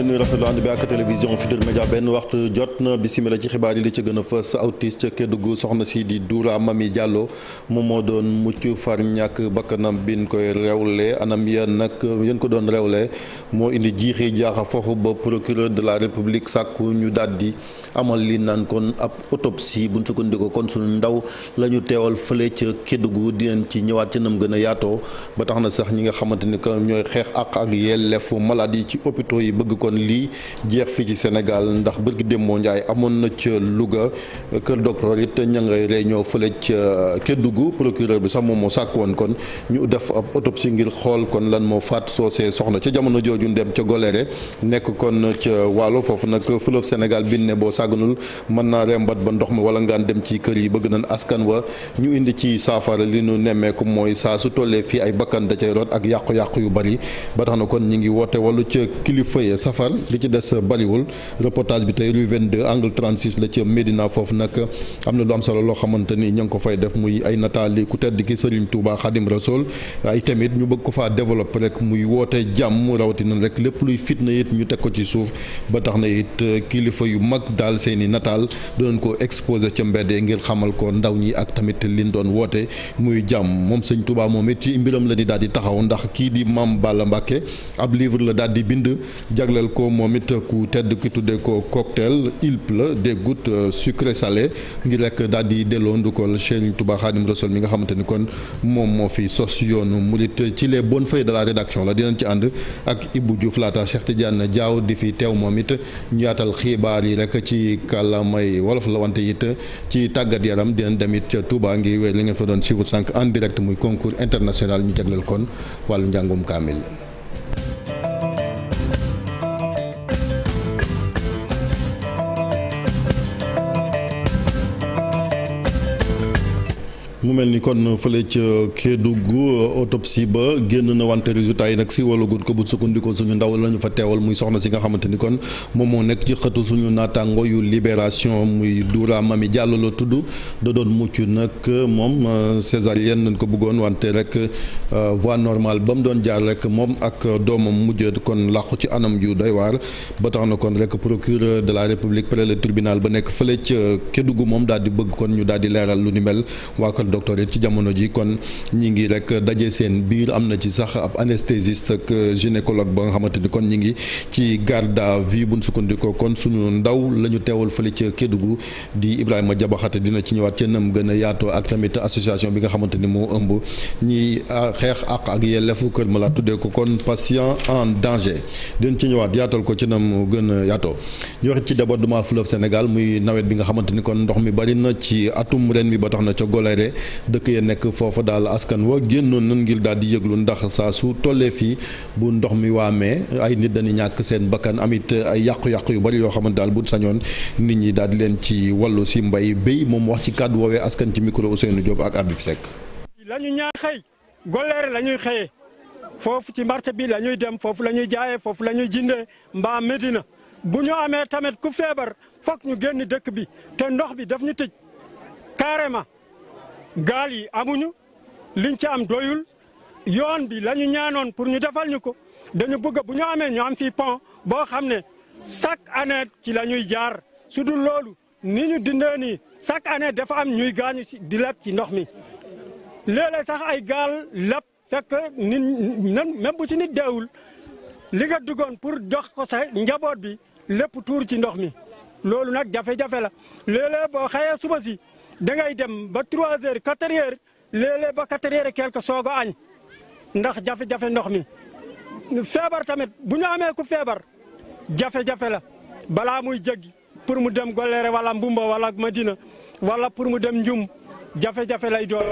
leen nuy rafetlu ànd bi ak télévision Futurs Médias benn waxtu jot na bisimila ci xibaar yi li ci gën a fës autis ca Kédougou soxna si di Doura Mami moom moo doon mucc far ñàkk bakkanam bin koy rewle anam yan nag yéen ko doon rewle moo indi jiixi jaaxa foofu ba procureur de la république sàkku ñu daldi amal lii naan kon ab autopsie buñ sukkandiku kon suñu ndaw lañu teewal fële ca Kédougou di leen ci ñëwaat ci nam gën yaatoo ba tax na sax ñi nga xamante ni que ñooy xeex ak ak lefu malade yi ci hôpitaux yi bëgg kon lii jeex fii ci senegal ndax dem moo Njaay amoon na ca Louga kër docteur it ña ngay réunion fële ca Kédougou procureur bi sax moom moo sàkk woon kon ñu def ab autopsie ngir xool kon lan moo faat soosee soxna ca jamono jooju dem ca Goléré nekk kon ca foofu nag fleuve Sénégal bi sàgganul mën naa rembat ba ndox mi wala ngaan dem ci kër yi bëgg nañ askan wa ñu indi ci saafara li ñu nemmeeku mooy saa su tollee fii ay bakkan da cay ak yàqu-yàqu yu bari ba tax na kon ñi ngi woote wàllu ca kilifa ya safar li ci des bariwul reportage bi tey rue 22 angle 36 la ca Médina foofu nag am na lu am solo loo xamante ni ña ngi ko fay def muy ay nataali ku tedd ki Serigne Touba Khadim Rasoul ay tamit ñu bëgg ko faa développé rek muy woote taal i nataal doon ko exposé ca mbedd ngir xamal ko ndaw ñi ak tamit liñ doon woote muy jàmm moom sëñ Touba moom it ci mbiram la ni daal di taxaw ndax kii di Maam Balla Mbàkke ab livre la daal di bind jagleel ko moom it ku tedd ki tuddee ko cocktail Ilp la des gouttes sucré salé ngir rek daal di delloo ndukol Sëriñ Touba Xaadim Rasuul mi nga xamante ni kon moom moo fi sos yoonu murit ci les bon feuilles de la rédaction la dinañ ci ànd ak Ibou Diouf laata Cheikh di fi teew moom ci kàllaamay wolof la wante it ci tàggat yaram dinañ demit ca Touba ngi wéy li ngeen fa doon siiwut sànq en direct muy concours international ñu jagleel kon wàllu njàngum kaamil mu mel ni kon fële ca Kédougou autopsie ba génn na wante résultat yi nag si wala gun ko bu sukkandikoo suñu ndaw la ñu fa teewal muy soxna si nga xamante ni kon moom moo nekk ci xëtu suñu naataango yu libération muy Doura Mami Diallo la tudd da doon mucc nag moom césarienne nañ ko bëggoon wante rek euh, voie normale ba mu doon jaar rek moom ak doomam mujj kon làqu ci anam yu doy waar ba tax na kon rek procureur de la république près le tribunal ba nekk fële ca Kédougou moom daal di bëgg kon ñu daal docteur ci jamono ji kon ñi ngi rek daje seen biir am na ci sax ab anesthésiste ak gynécologue ba nga xamante ni kon ñi ngi ci garde à bu buñ sukkandikoo kon suñu ndaw la ñu teewal fële ca Kédougou di Ibrahima Jabaxate dina ci ñëwaat ca nam gën a yaatoo ak tamit association bi nga xamante ni moo ëmb ñiy xeex àq ak lefu Kër Malade tuddee ko kon patient en danger dina ci ñëwaat yaatal ko ci nam gën a yaatoo ñu waxit ci débordement fleuve Sénégal muy nawet bi nga xamante ni kon ndox mi bari na ci atum ren bi ba na ca Goléré dëkk ya nekk foofa daal askan wa génnoon nan ngir daal di yëglu ndax saa su tollee fii bu ndox mi amee ay nit dañuy ñàkk seen bakkan amit ay yàqu-yàqu yu bari yoo xamante daal bu sañoon nit ñi daal di leen ci wàllu si mbay béy moom wax ci kàddu woowee askan ci micro Ousseynou Diop ak Abib Seck. la ñu ñaan xëy golleer la xëyee foofu ci marché bi la ñuy dem foofu la ñuy jaayee foofu la ñuy jindee mbaa Medina bu ñu amee tamit ku feebar foog ñu génn dëkk bi te ndox bi daf ñu tëj carrément. gaal yi amuñu liñ ci am doyul yoon bi la ñu ñaanoon pour ñu defal ñu ko dañu bëgg bu ñu amee ñu am fii pont boo xam ne chaque année ci la ñuy jaar su loolu ni ñu dindee nii chaque année dafa am ñuy gaañu ci di leb ci ndox mi léeg sax ay gaal leb fekk nit même bu ci nit deewul li nga duggoon pour jox ko sa njaboot bi lépp tuur ci ndox mi loolu nag jafe-jafe la léeg boo xëyee suba si dangay dem ba 3 heures 4 heures ba 4 heures quelque soog a añ ndax jafe-jafe ndox mi feebar tamit bu ñu amee ku feebar jafe-jafe la balaa muy jéggi pour mu dem Goléré walla Mbumba wala Madina wala pour mu dem Njum jafe-jafe lay doon.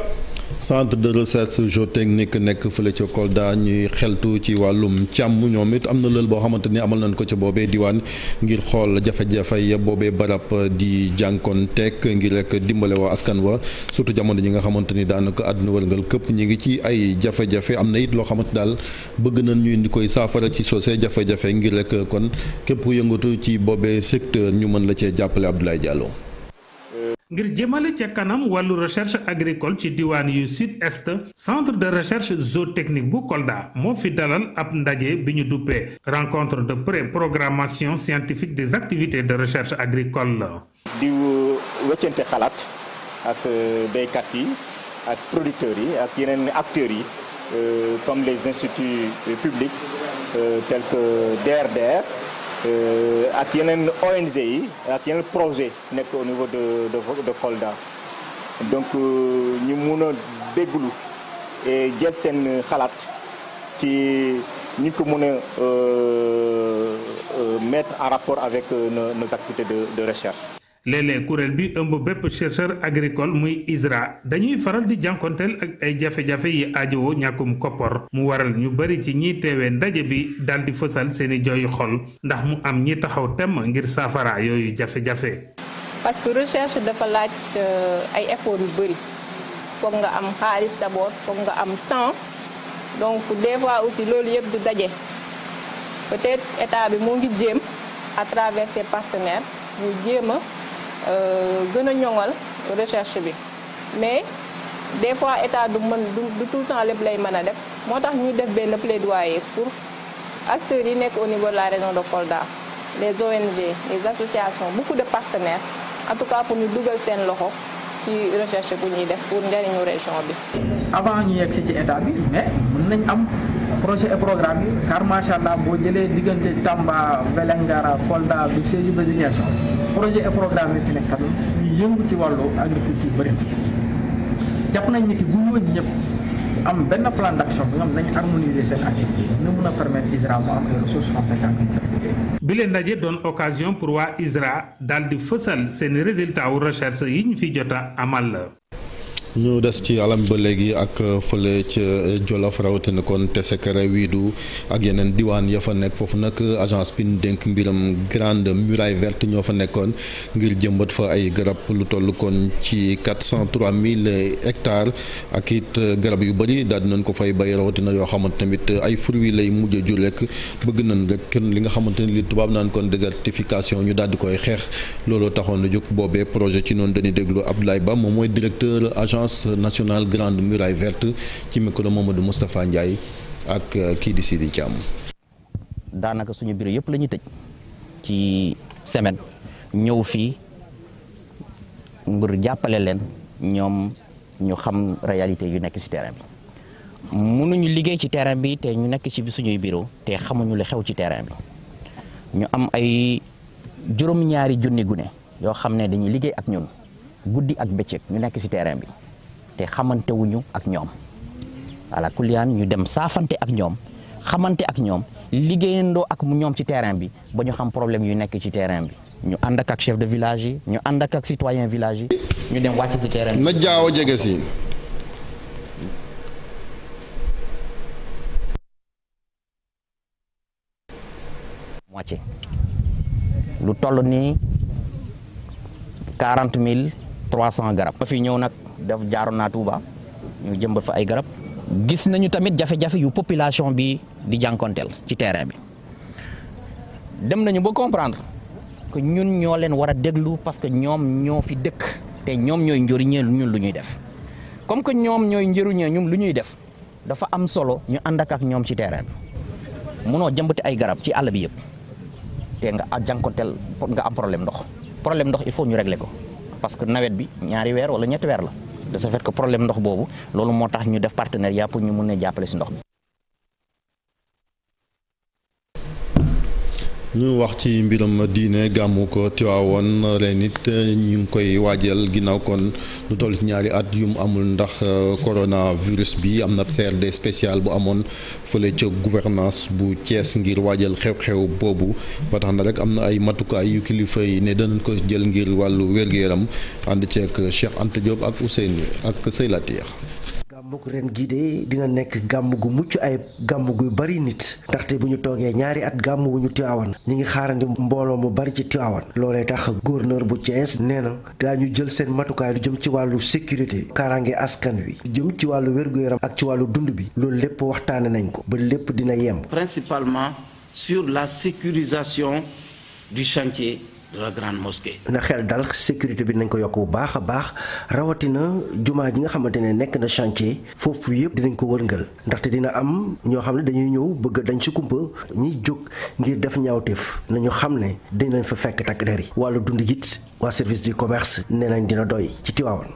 centre de recherche géotechnique nekk fële ca Kolda ñuy xeltu ci wàllum càmm ñoom it am na lël boo xamante ni amal nañ ko ca boobee diwaan ngir xool jafe-jafe ya boobee barab di jànkoon tekk ngir rek dimbale waa askan wa surtout jamono ji nga xamante ni daanaka àdduna wërngal këpp ñu ngi ci ay jafe-jafe am na it loo xamante daal bëgg nañ ñu indi koy saafara ci soose jafe-jafe ngir rek kon képp ku yëngatu ci boobe secteur ñu mën la cee jàppale Abdoulaye Diallo. ngir jëmale ca kanam wàllu recherche agricole ci diwaan yu sud est centre de recherche technique bu Kolda moo fi dalal ab ndaje bi ñu duppee rencontre de pré-programmation scientifique des activités de recherche agricole. di wëccante xalaat ak euh, béykat yi ak producteurs yi ak yeneen acteurs yi euh, comme les instituts publics euh, tels que DRDR. Euh, ak yeneen ONG yi ak yeneen projet nekk au niveau de de Kolda donc euh, ñu mun a déglu et jël seen xalaat ci ñu ko mun a euh, mettre en rapport avec nos activités de de recherche. léeg-léeg kuréel bi ëmb bépp chercheur agricole muy ISRA dañuy faral di jànkonteel ak ay jafe-jafe yi aajowoo ñàkkum koppar mu waral ñu bari ci ñi teewee ndaje bi dal di fësal seeni jooyu xol ndax mu am ñi taxaw temm ngir saafara yooyu jafe-jafe. parce que recherche dafa laaj euh, ay effort yu bari foog nga am xaalis d'abord foog nga am temps donc des aussi loolu yëpp du daje peut état bi mu ngi jéem à travers ñu jéem Euh, gën a ñoŋal recherche bi mais des fois état du mën du tout le temps lay mën a def moo tax ñu def benn plaidoyer pour acteurs yi nekk au niveau la région de Kolda les ONG les associations beaucoup de partenaire en tout cas pour ñu dugal seen loxo ci recherche bu ñuy def pour njëriñu région bi. avant ñu yegg ci état bi mais mën nañ am. projet et programme yi car macha allah boo jëlee diggante tàmba Vélingara Kolda bi Sédhiou ba projet et programme yi fi nekk tamit ñu yëngu ci wàllu agriculture bëri jàpp nañ ni ki bu ñëwee ñëpp am benn plan d'action bi nga xam nañ harmoniser seen activité ñu mun a permettre ISRA mu am ay ressources conséquentes bi leen ndaje doon occasion pour waa ISRA daal di fësal seen résultat wu recherche yi ñu fi jot a amal. ñu des ci alam ba léegi ak fële ca Jolof rawatina kon Tessekere Wiidu ak yeneen diwaan ya fa nekk foofu nag agence bi ñu dénk mbiram grande muraille verte ñoo fa nekkoon ngir jëmbat fa ay garab lu toll kon ci quatre cent trois mille hectares ak it garab yu bari daal di nañ ko fay bay rawatina yoo xamante tamit ay fruits lay mujj a jur rek bëgg nañ rek kenn li nga xamante ni li tubaab naan kon désertification ñu daal di koy xeex looloo taxoon lu jóg boobee projet ci noonu dañuy déglu Abdoulaye agence nationale grande muraille verte ci micro du Moustapha Ndiaye ak euh, kii di Sidi Thiam. daanaka suñu bureau yëpp la ñuy tëj ci semaine ñëw fii ngir jàppale leen ñoom ñu xam réyalité yu nekk ci terrain bi. mënuñu liggéey ci terrain bi te ñu nekk ci bi suñuy bureau te xamuñu li xew ci terrain bi ñu am ay juróom-ñaari junni gune yoo xam ne dañuy liggéey ak ñun guddi ak bëccëg ñu nekk ci terrain bi te xamantewuñu ak ñoom voilà kuliyaan ñu dem saafante ak ñoom xamante ak ñoom liggéeyandoo ak ñoom ci terrain bi ba ñu xam problème yu nekk ci terrain bi ñu ànd ak chef de village yi ñu ànd ak ak citoyen village yi ñu dem wàcc ci terrain bi. na jaaw jege si. moitié lu toll nii quarante mille trois cent garab. ma fi ñëw nag. def jaaroon naa Touba ñu jëmbat fa ay garab gis nañu tamit jafe-jafe yu population bi di jànkonteel ci terrain bi dem nañu ba comprendre que ñun ñoo leen war a déglu parce que ñoom ñoo fi dëkk te ñoom ñooy njëriñee ñun lu ñuy def comme que ñoom ñooy njëriñee ñun lu ñuy def dafa am solo ñu ànd ak ak ñoom ci terrain bi munoo jëmbati ay garab ci àll bi yëpp te nga jànkonteel nga am problème ndox problème ndox il faut ñu régler ko parce que nawet bi ñaari weer wala ñetti weer la de ce fait que problème ndox boobu loolu moo tax ñu def partenariat pour ñu mun a jàppale si ndox mi ñu wax ci mbiram diine gàmmu ko Tiwaawoon ren it eh, ñu ngi koy waajal ginnaaw kon lu toll ci ñaari at yu mu amul ndax eh, coronavirus bi am na de spécial bu amoon fële ca gouvernance bu Thiès ngir waajal xew-xew boobu ba tax rek am na ay matukaay yu kilifa yi ne dana ko jël ngir wàllu wér gi yaram ànd ceeg Cheikh Anta Diop ak Ousseynou ak Seylatir gàmmug ren gii de dina nekk gàmm gu mucc ay gàmm guy bari nit ndaxte bu ñu toogee ñaari at gàmm wu ñu Tiwaawan ñi ngi xaarandi mbooloo mu bari ci Tiwaawan loolee tax gouverneur bu Thiès nee na daa ñu jël seen matukaay lu jëm ci wàllu sécurité kaaraange askan wi jëm ci wàllu wér yaram ak ci wàllu dund bi loolu lépp waxtaane nañ ko ba lépp dina yemb. principalement sur la sécurisation du chantier. de la grande na xel dal sécurité bi nañ ko yokk bu baax a baax rawatina jumaa ji nga xamante ne nekk na chantier foofu yëpp dinañ ko wërngal ndaxte dina am ñoo xam ne dañuy ñëw bëgg dañ ci kumpa ñiy jóg ngir def ñaawteef nañu xam ne dinañ fa fekk takk der yi wàllu dund it waa service du commerce nee nañ dina doy ci Tivaouane.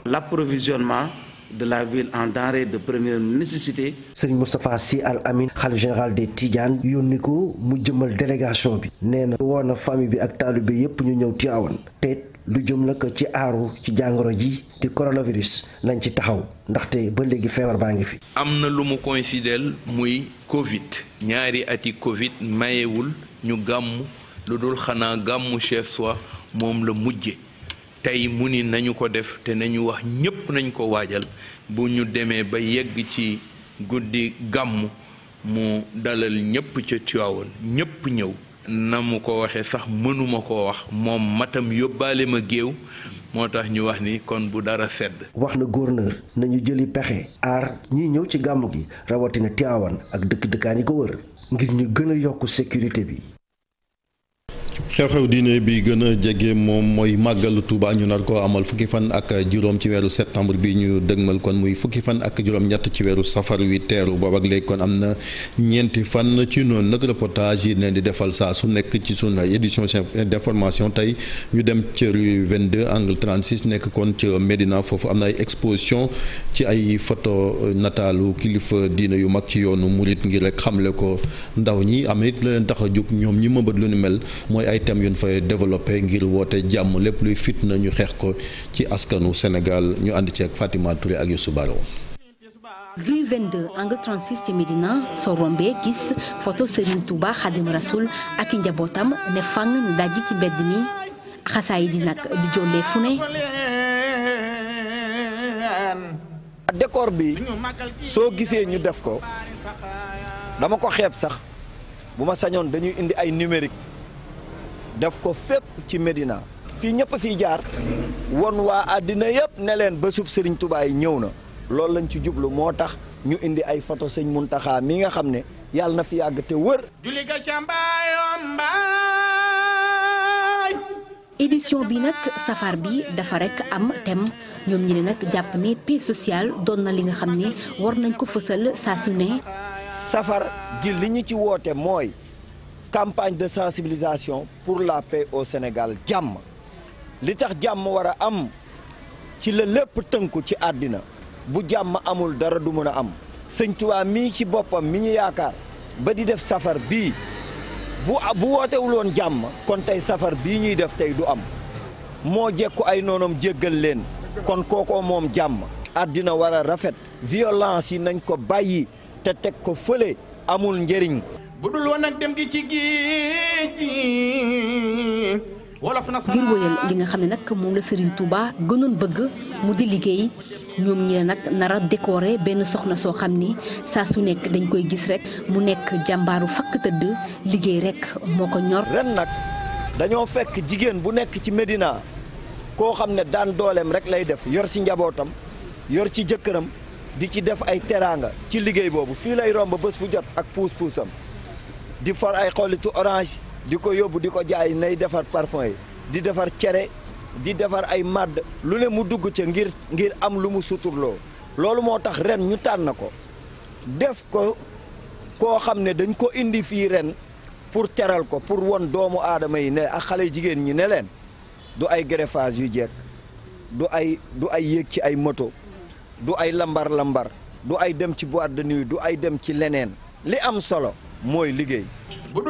de la ville en denrées de première nécessité. Serigne Moustapha Sy Al Amin xalif général des Tidiane yónni ko mu jëmal délégation bi nee na woon na famille bi ak taalibe bi yépp ñu ñëw Tiwaawan te lu jëm nag ci aaru ci jàngoro ji di coronavirus nañ ci taxaw ndaxte ba léegi feebar baa ngi fi. am na lu mu coïncidel muy Covid ñaari ati Covid mayewul ñu gàmm lu dul xanaa gàmmu chef soi moom la mujje tey mu ni nañu ko def te nañu wax ñépp nañ ko waajal bu ñu demee ba yegg ci guddi gàmm mu dalal ñépp ca Tiwaawan ñépp ñëw na mu ko waxee sax mënuma koo wax moom matam yóbbaale ma géew moo tax ñu wax ni kon bu dara sedd wax na gouverneur nañu jëli pexe aar ñiy ñëw ci gàmm gi rawatina Tiwaawan ak dëkk dëkkaan yi ko wër ngir ñu gën a yokk sécurité bi xew-xew diine bi gën a jege moom mooy màggalu Touba ñu nar ko amal fukki fan ak juróom ci weeru septembre bi ñu dëgmal kon muy fukki fan ak juróom-ñett ci weeru safar wi teeru boobu ak kon am na ñeenti fan ci noonu nag reportage yi leen di defal saa su nekk ci sunu édition d'information tey ñu dem ci rue 22 angle 36 nekk kon ci Médina foofu am na ay exposition ci ay photo nataalu kilifa diine yu mag ci yoonu murit ngir rek xamle ko ndaw ñi am it tax a jóg ñoom ñi mëbët lu mel tam yu ñu fay développé ngir woote jàmm lépp luy fitna ñu xeex ko ci askanu senegal ñu ànd ci ak Fatima Touré ak Youssou Baro rue 22 angle 36 Médina soo rombee gis photo Serigne Touba Khadim Rasoul ak i njabootam ne fang ne dajji ci mbedd mi xasaay di nag di jollee fu ne. décor bi soo gisee ñu def ko dama ko xeeb sax bu ma sañoon dañuy indi ay numérique. def ko fépp ci medina fii ñëpp fiy jaar won waa àddina yëpp ne leen ba sub Serigne Touba ñëw na loolu lañ ci jublu moo tax ñu indi ay photo sëñ Muntaxa mi nga xam ne yàlla na fi yàgg te wër. julli ga ca mbaayom mbaay. édition bi nag safar bi dafa rek am thème ñoom ñi ne nag jàpp ne paix sociale doon na li nga xam ne war nañ ko fësal saa su ne. safar gi li ñu ci woote mooy. campagne de sensibilisation pour la paix au Sénégal jàmm li tax jàmm war a am ci la lépp tënku ci àddina bu jàmm amul dara du mën a am sëñ Tuubaa mii ci boppam mi ñu yaakaar ba di def safar bii bu bu wootewul woon jàmm kon tey safar bii ñuy def tey du am moo jekku ay noonam jéggal leen kon kookoo moom jàmm àddina war a rafet violence yi nañ ko bàyyi te teg ko fële amul njëriñ bu dul woon gi ci wolof na ngir wëyal li nga xam ne nag moom la Serigne Touba gënoon bëgg mu di liggéey ñoom ñi ne nag nara a benn soxna soo xam ni saa su nekk dañ koy gis rek mu nekk jàmbaaru fakk tëdd liggéey rek moo ko ñor. ren nag dañoo fekk jigéen bu nekk ci Medina koo xam ne daan dooleem rek lay def yor ci njabootam yor ci jëkkëram di ci def ay teraanga ci liggéey boobu fii lay romb bés bu jot ak puus puusam. di for ay xollitu orange di ko yóbbu di ko jaay nay defar parfum yi di defar cere di defar ay màdd lu ne mu dugg ca ngir ngir am lu mu suturloo loolu moo tax ren ñu tànn ko def ko koo xam ne dañ ko indi fii ren pour teral ko pour won doomu aadama yi ne ak xale jigéen ñi ne leen du ay greffage yu jekk du ay du ay yéeg ci ay moto du ay lambar lambar du ay dem ci boîte de du ay dem ci leneen li am solo mooy liggéey. bu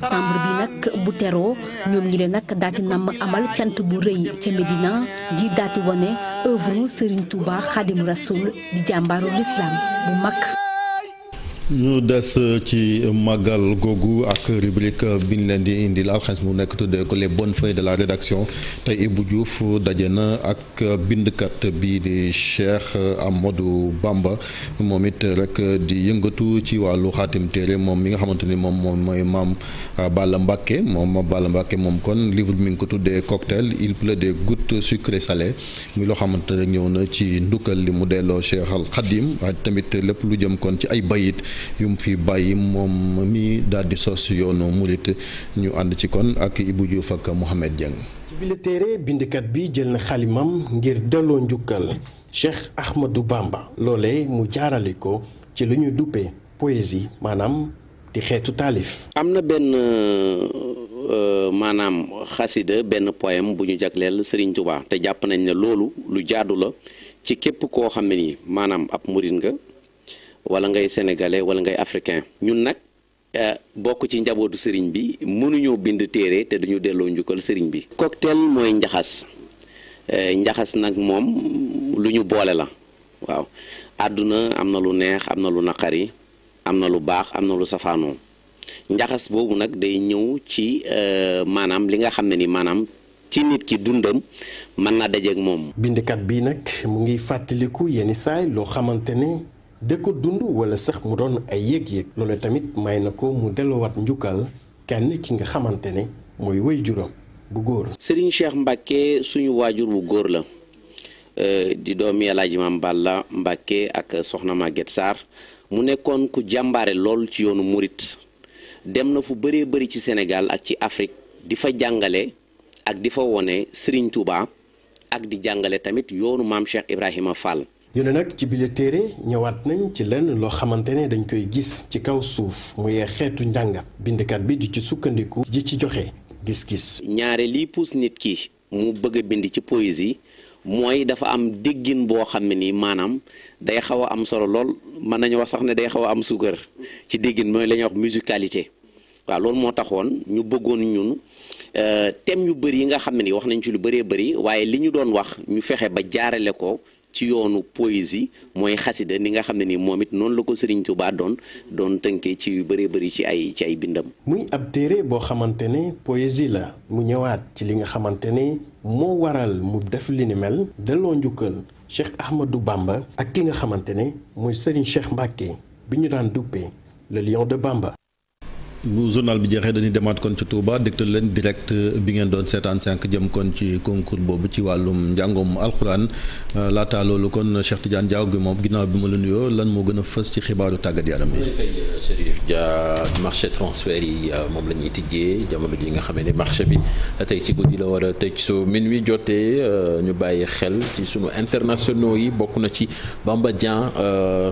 bi nag bu teroo ñoom ñi le nag daati namm amal cant bu rëy ca Médina ngir daati wone œuvre Serigne Touba Khadimou Rassoul di jàmbaaru l'islam bu mag. ñu des euh, ci màggal googu ak rubrique euh, bi ñu leen di indil alxames mu nekk tuddee ko bon bonnes de la rédaction tey Ibou Diouf daje na ak euh, bindkat bi di Cheikh Amadou Bamba moom it rek di yëngatu ci wàllu xaatim téere moom mi nga xamante ni moom moom mooy maam Balla Mbacké moom bala Mbacké moom kon livre bi mi ngi ko tuddee cocktail il pleut des gouttes sucrées salées muy loo xamante ne ñëw na ci ndukkal li mu delloo Cheikh Al Khadim tamit lépp lu jëm kon ci ay bayit yu mu fi bàyyi moom mi daal di sos yoonu murit ñu ànd ci kon ak Ibou Diouf ak Mouhamed Dieng. ci bile téere bindikat bi jël na xalimam ngir delloo njukkal Cheikh Ahmadou Bamba loole mu jaarale ko ci lu ñu duppee poésie maanaam di xeetu taalif. am na benn. Uh, maanaam xasida benn poème bu ñu jagleel Serigne Touba te jàpp nañ ne loolu lu jaadu la ci képp koo xam ne nii maanaam ab murit nga wala ngay sénégalais wala ngay africain ñun nag euh, bokk ci njabootu sëriñ bi mënuñoo bind téere te duñu delloo njukkal sëriñ bi. cocktail mooy njaxas euh, njaxas nag moom lu ñu boole la waaw àdduna am na lu neex am na lu naqari am na lu baax am na lu safaanoo njaxas boobu nag day ñëw ci euh, maanaam li nga xam ne ni maanaam. ci nit ki dundam mën naa dajeek moom. bindkat bii nag mu ngi fàttaliku yenn saay loo xamante ne di dund wala sax mu doon ay yéeg-yéeg loolu tamit may na ko mu delluwaat njukkal kenn ki nga xamante ne mooy way juróom bu góor Serigne Cheikh Mbacke suñu waajur bu góor la euh, di doom El Hadji Mame Balla Mbacke ak soxna Maguette Sarr mu nekkoon ku jàmbaare lool ci yoonu murit dem na fu bëree bëri ci senegal ak ci Afrique di fa jàngale ak di fa wone Serigne Touba ak di jàngale tamit yoonu maam Cheikh Ibrahima Fall ñu nag ci bile téere ñëwaat nañ ci lenn loo xamante ne dañ koy gis ci kaw suuf mu yee xeetu njàngat bindkat bi di ci sukkandiku ji ci joxe gis-gis. ñaare liy puus nit ki mu bëgg a bind ci poésie mooy dafa am déggin boo xam ne nii maanaam day xaw a am solo lool mën nañu wax sax ne day xaw a am suukar ci déggin mooy la wax musicalité waaw lool moo taxoon ñu bëggoon ñun. Euh, thème yu bëri yi nga xam ne ni wax nañ ci lu bëree bëri waaye li ñu doon wax ñu fexe ba jaarale ko ci yoonu poésie mooy xasida ni nga xam ne ni moom it noonu la ko Serigne Touba doon doon tënkee ci yu bëree bëri ci ay ci bindam. muy ab téere boo xamante ne poésie la mu ñëwaat ci li nga xamante ne moo waral mu def li ni mel delloo njukkal Cheikh Ahmadou Bamba ak ki nga xamante ne mooy Serigne Cheikh Mbacke bi ñu daan duppee le lion de Bamba. bu journal bi jeexee dañuy demaat kon ci Touba dégtal leen direct bi ngeen doon seetaan sànq jëm kon ci konkur boobu ci wàllum njàngum alxuraan euh, laataa loolu kon Cheikh Tidiane Diaw gi moom ginnaaw bi ma la nuyoo lan moo gën a fës ci xibaaru tàggat yaram yi. Euh, marché transfert yi euh, moom la ñuy tijjee jamono ji nga xam ne marché bi tey ci guddi la war a tëj su minuit jotee ñu bàyyi xel ci sunu internationaux yi bokk na ci Bamba Dieng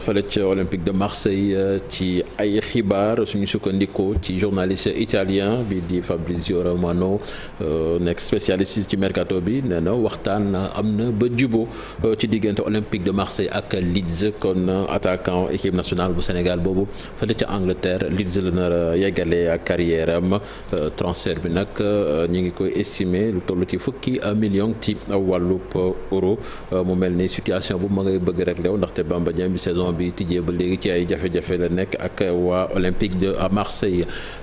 fële ca Olympique de Marseille ci ay xibaar suñu sukkandikoo. ci journaliste italien bi di Fabrizio Romano euh, nekk spécialiste ci mercato bi nee na waxtaan am na ba jubo euh, ci diggante Olympique de Marseille ak Leeds kon attaquant équipe nationale bu Sénégal boobu fële ca Angleterre Leeds la nar a yeggale ak carrière am euh, transfert bi nag ñu ngi koy estimer lu toll ci fukki million ci wàllub euro mu mel ni situation bu ma ngay bëgg rek lew ndaxte Bamba Dieng bi saison bi tijjee ba léegi ci ay jafe-jafe la nekk ak waa Olympique de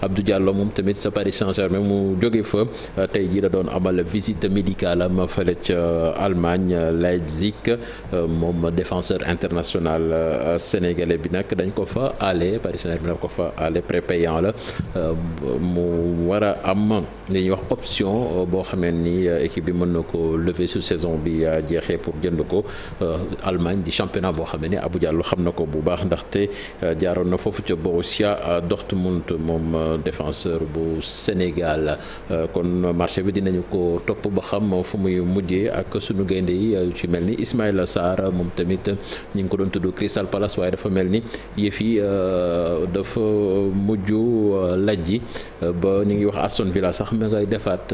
Abdou Diallo moom tamit sa Paris Saint-Germain mu jóge fa tey jii la doon amal visite médicale am fële ca Allemagne Leipzig moom défenseur international euh, sénégalais bi nag dañ ko fa ale Paris Saint-Germain dañ ko fa ale payan la euh, mu war a am li ñuy wax option euh, boo xamee ni équipe bi mën na ko lever sur saison bi jeexee pour jënd ko Allemagne di championnat boo xamee ni Abdou Diallo xam na ko bu baax ndaxte jaaroon na foofu ca Borussia Dortmund moom moom euh, défenseur bu Sénégal euh, kon marché bi dinañu ko topp ba xam fu muy mujjee ak suñu gaynde yi euh, ci mel ni Ismaïla Sarr moom tamit ñu ngi ko doon tudd Crystal Palace waaye dafa mel ni yëf yi dafa mujj lajji ba ñu ngi wax Aston Villa sax mi ngay defaat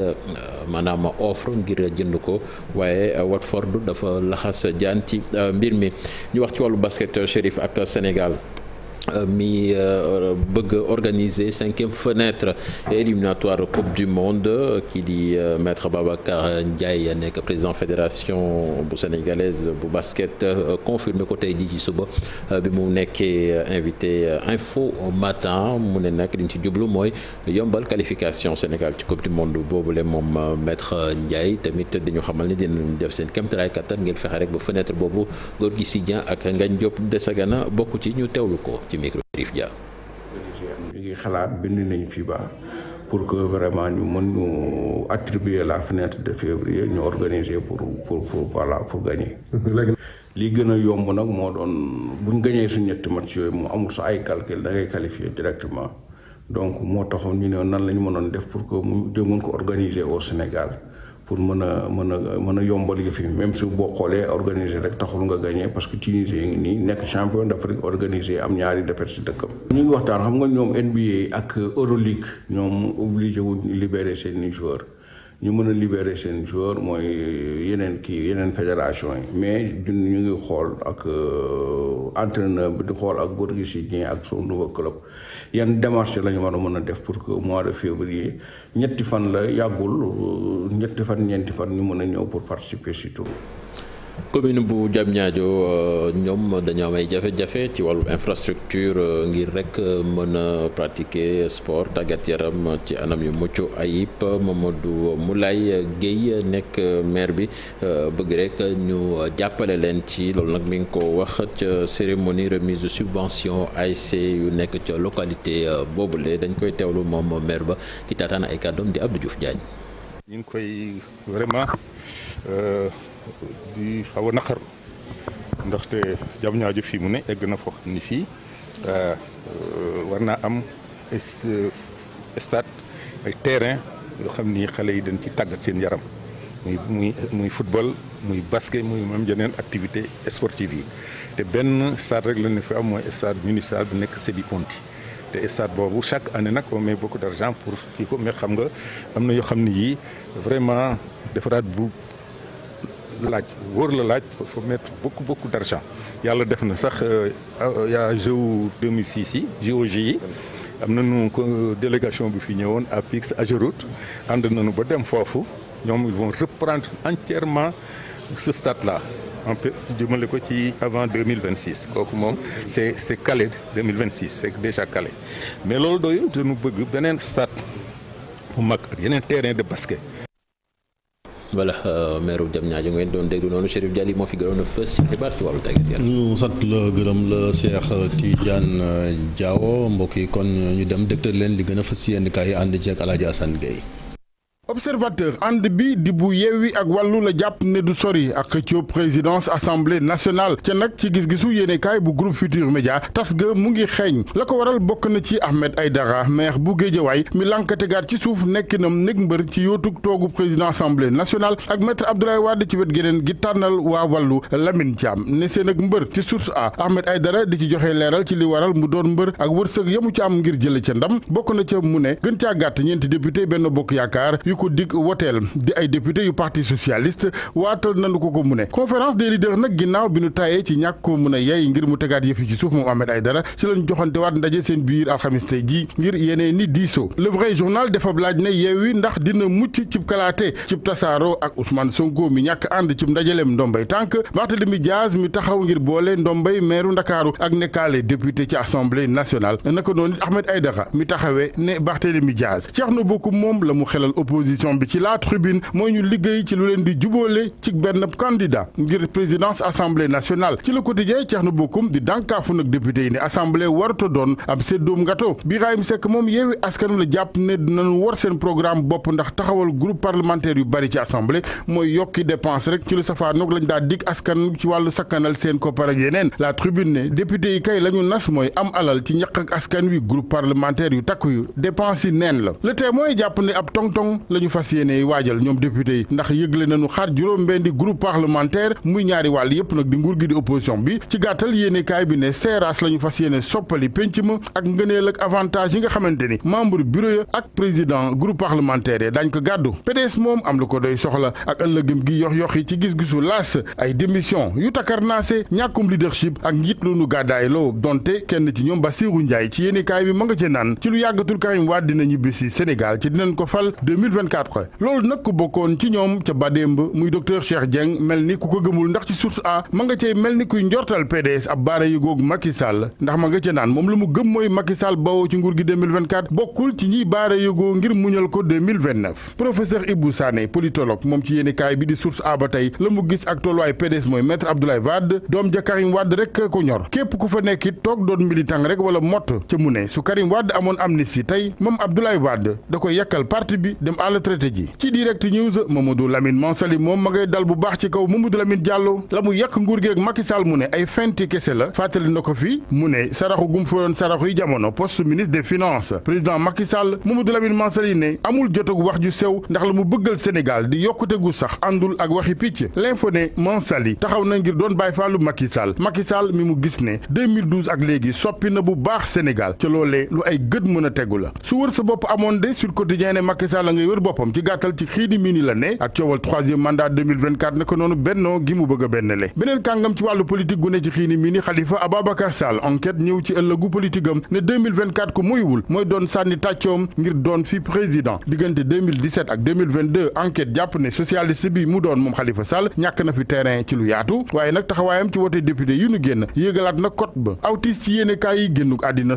maanaam offre ngir jënd ko waaye Watford dafa laxas jaan ci mbir mi ñu wax ci wàllu basket Chérif ak Sénégal. Euh, mi euh, bëgg organiser cinquième fenêtre éliminatoire Coupe du Monde kii euh, di maître Babacar Ndiaye nekk président fédération bu sénégalaise bu basket confirmé ko tey jii ci suba bi mu nekkee invité info matin mu ne nag liñ ci jublu mooy yombal qualification Sénégal ci Coupe du Monde boobule moom maître Ndiaye tamit dañu xamal ni ñu def seen kéemtalaay kattan ngeen fexe rek ba fenêtre boobu góor gi si ak Ngagne Diop Desagana bokk ci ñu teewlu ko. ci micro xalaat bind nañ fi ba pour que vraiment ñu mën ñu la fenêtre de février ñu organiser pour pour pour voilà pour gagner. li gën a yomb nag moo doon buñ gañee su ñetti match yooyu mu amul sa ay calcul da ngay qualifier directement donc moo taxoon ñu ne nan la ñu mënoon def pour que mu de mën ko organiser au Sénégal. pour mën a mën a mën a yombal yëf yi même su boo xoolee organiser rek taxul nga gagné parce que Tunisie yi nii nekk champion d'Afrique organisé am ñaari défaite si dëkkam. ñu waxtaan xam nga ñoom NBA ak Euroleague ñoom obliger wu libéré seeni joueurs. ñu mën a libérer seen joueur mooy yeneen kii yeneen fédération yi mais ñu ngi xool ak euh, entraîneur bi di xool ak Gorgui Sy Dieng ak son nouveau club yan démarche la ñu war a mën a def pour que mois de février ñetti fan la yàggul euh, ñetti fan ñeenti fan ñu mën a ñëw pour participer si tour commune bu Diamniadio euh, ñoom dañoo am ay jafe-jafe ci wàllu infrastructure euh, ngir rek euh, mën a pratiquer sport tàggat yaram ci anam yu mucc ay ayib Mamadou Moulay Guèye nekk maire bi bëgg rek ñu jàppale leen ci loolu nag mi ngi ko wax ca cérémonie remise de subvention ASC yu nekk ca localité boobule dañ koy teewlu moom maire ba ki taataan ay kàddoom di Abdou Diouf Diagne. di xaw a naqar ndaxte jam ñaajo fii mu ne egg na foo xam ni fii euh, war naa am euh, stade ay terrain yoo xam ni xale yi dañ ci tàggat seen yaram muy muy muy football muy basket muy même jeneen activité sportive yi te benn stade rek la ne fi am mooy stade municipal bu nekk Sébi Ponti te stade boobu chaque année nag on met beaucoup d' pour kii ko mais xam nga am na yoo xam ne yii vraiment defaraat bu laaj wóor la laaj faut mettre beaucoup beaucoup d'argent yàlla def na sax yaa jeux 2006 yi JOJ yi am nañu délégation bu fi ñëwoon APIX Ageroute na nañu ba dem foofu ñoom ils vont reprendre entièrement ce stade là en peu jëmale ko ci avant 2026 kooku moom c'est c'est calé 2026 c'est déjà calé mais loolu doyul dañu bëgg beneen stade bu mag ak yeneen terrain de basket voilà euh, maire Diamniadio ngeen doon déglu noonu Chérif Dialli moo fi gënoon a fës ci xibaar ci wàllu tàggat yaram. ñu sant la gërëm la Cheikh Tidiane euh, Diawo mbokk yi kon ñu dem dégtal leen li gën a fës ci yenn kaay yi ànd ci ak Alaaji Assane observateur ànd bi di bu yeewi ak wàllu la jàpp ne du sori ak xëccoo présidence assemblée nationale ca nag ci gis-gisu yéenekaay bu groupe Futur Média tas ga mu ngi xeeñ la ko waral bokk na ci Ahmed Aïdara maire bu Géejawaay mi lànkategaat ci suuf nekk nam nég mbër ci yóotug toogu président assemblée nationale ak maître Abdoulaye Wade ci wet geneen gi tànnal waa wàllu Lamine Thiam ne seen ak mbër ci source a Ahmed Aïdara di ci joxe leeral ci li waral mu doon mbër ak wërsëg yamu ci am ngir jële ca ndam bokk na ca mu ne gën caa gàtt ñeenti député benn bokk yaakaar ñu ko dig woteel di ay député yu parti socialiste waatal nañu ko ko mu ne conférence des leaders nag ginnaaw bi ñu taayee ci ñàkk koo mun a yey ngir mu tegaat yëfi ci suuf moom Ahmed Aïdara ci lañ joxantewaat ndaje seen biir alxamis tey ngir yeneen ni diisoo le journal dafa laaj ne yeewi ndax dina mucc cib kalaate cib tasaaro ak Ousmane Sonko mi ñàkk ànd cib ndajaleem ndombay tànk Barthélémy Dias mi taxaw ngir boole ndombay meeru Ndakaaru ak nekkaale député na bokku moom la opposition bi ci la tribune mooy ñu liggéey ci lu leen di jubóole ci benn candidat ngir présidence assemblée nationale ci le quotidien Thierno Bocoum di dànkaafu nag député yi ne assemblée warut a doon ab séddoom ngato Birahim Seck moom yeewi askan la jàpp ne dinañu war seen programme bopp ndax taxawal groupe parlementaire yu bari ci assemblée mooy yokki dépense rek ci lu safaanoog lañ daa dig askan ci wàllu sakkanal seen koppar ak yeneen la tribune ne député yi kay la ñu nas mooy am alal ci ñaq ak askan wi groupe parlementaire yu takku yu dépense yi neen la la ñu fas yéene waajal ñoom député yi ndax yëgle nañu xaar juróom-benni groupe parlementaire muy ñaari wàll yëpp nag di nguur gi di opposition bi ci gàttal yéenekaay bi ne seeraas la ñu fas yéene soppali pénc ma ak ngëneel ak avantage yi nga xamante ni membre bureau ya ak président groupe parlementaire ya dañ ko gàddu PDS moom am lu ko doy soxla ak ëllëgëm gi yox yox yi ci gis-gisu laas ay démission yu takarnaase ñàkkum leadership ak njiit lu nu gàddaay loo donte kenn ci ñoom Bassirou Ndiaye ci yéenekaay bi ma nga ci naan ci lu yàggatul Karim Wade dina ñibbi si Sénégal ci dinañ ko 2024 loolu nag ku bokkoon ci ñoom ca Bademb muy docteur Cheikh Dieng mel ni ku ko gëmul ndax ci source a ma nga cay mel ni kuy njortal PDS ab baara yu googu ndax ma nga ca naan moom lu mu gëm mooy Macky Sall bawoo ci nguur gi 2024 bokkul ci ñiy baara yëgoo ngir muñal ko professeur Ibou Sané politologue moom ci yéenekaay bi di source a ba tey la mu gis ak tolluwaay PDS mooy maître Abdoulaye Wade doom ja Karim Wade rek ko ñor képp ku fa nekk doon militant rek wala mott ca mu ne su Karim Wade amoon amnistie tey la traité ji ci direct news Mamadou Lamine Mansali moom ma ngay dal bu baax ci kaw Mamadou Lamine Diallo la mu yàq nguur geeg Macky Sall mu ne ay fenti kese la fàttali na ko fi mu ne saraxu gum fa doon jamono poste ministre des finances président Macky Sall Mamadou Lamine Mansali ne amul jotog wax ju sew ndax la mu bëggal Sénégal di yokkute gu sax àndul ak waxi picc l'info ne Mansali taxaw na ngir doon bàyyi faalu Macky Sall Macky Sall mi mu gis ne 2012 ak léegi soppi na bu baax Sénégal ca a tegu la su wër boppam ci gàttal ci xiidi mii la ne ak coowal troisième mandat 2024 noonu bennoo gi mu bëgg benn le beneen kàngam ci wàllu politique gu ne ci xiini mii Xalifa Ababacar Sall enquête ñëw ci ëllëgu politique ne 2024 ku mooy doon sànni tàccoom ngir doon fi président diggante ak 2022 jàpp ne socialiste bi mu doon moom Xalifa Sall ñàkk na fi terrain ci lu yaatu waaye nag taxawaayam ci wote député yu nu génn yéegalaat na cote ba autiste ci yéenekaay yi génnuk àddina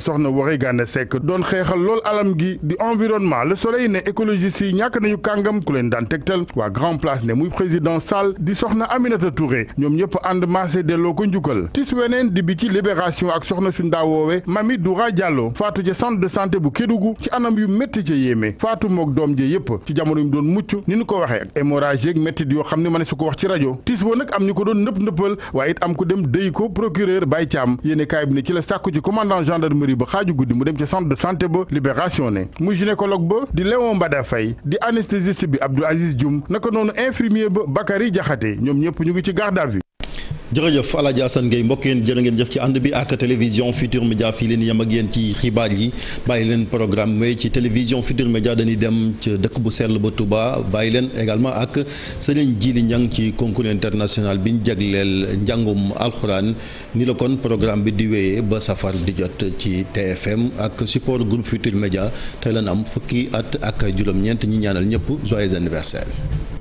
ñàkk nañu kàngam ku leen daan tegtal waa grand place ne muy président Sall di soxna Aminata Touré ñoom ñëpp ànd maase delloo ko njukkal tis weneen di bi ci libération ak soxna su ndaa woowe Mami Doura Diallo faatu ca centre de santé bu Kédougou ci anam yu métti ca yéeme faatu mook doom ja yëpp ci jamono yu doon mucc ni ñu ko waxee ak hémorragie ak métti yoo xam ne ma ne su ko wax ci rajo tis wa nag am ñu ko doon nëpp nëppal waaye it am ko dem dëy ko procureur Baye Thiam yéene kaay bi ne ci la sàkku ci commandant gendarmerie mu dem ca centre de santé ba libération ne muy gynécologue ba di Léon Mbada Faye di anesthésiste bi Abdou Aziz Dioum naka noonu infirmier ba Bakary Diakhaté ñoom ñëpp ñu ngi ci garde à jërëjëf El Hadj Assane Gueye mbokk yéen jërë ngeen jëf ci ànd bi ak télévision Futur Média fii leen yem ak yéen ci xibaar yi bàyyi leen programme mais ci télévision Futur Média dañuy dem ci dëkk bu sell ba Touba bàyyi leen également ak Serigne Djili Niang ci concours international bi ñu jagleel njàngum alxuraan ni la kon programme bi di wéyee ba safar di jot ci TFM ak support groupe Futur Média te leen am fukki at ak juróom-ñeent ñi ñaanal ñëpp joyeux anniversaire.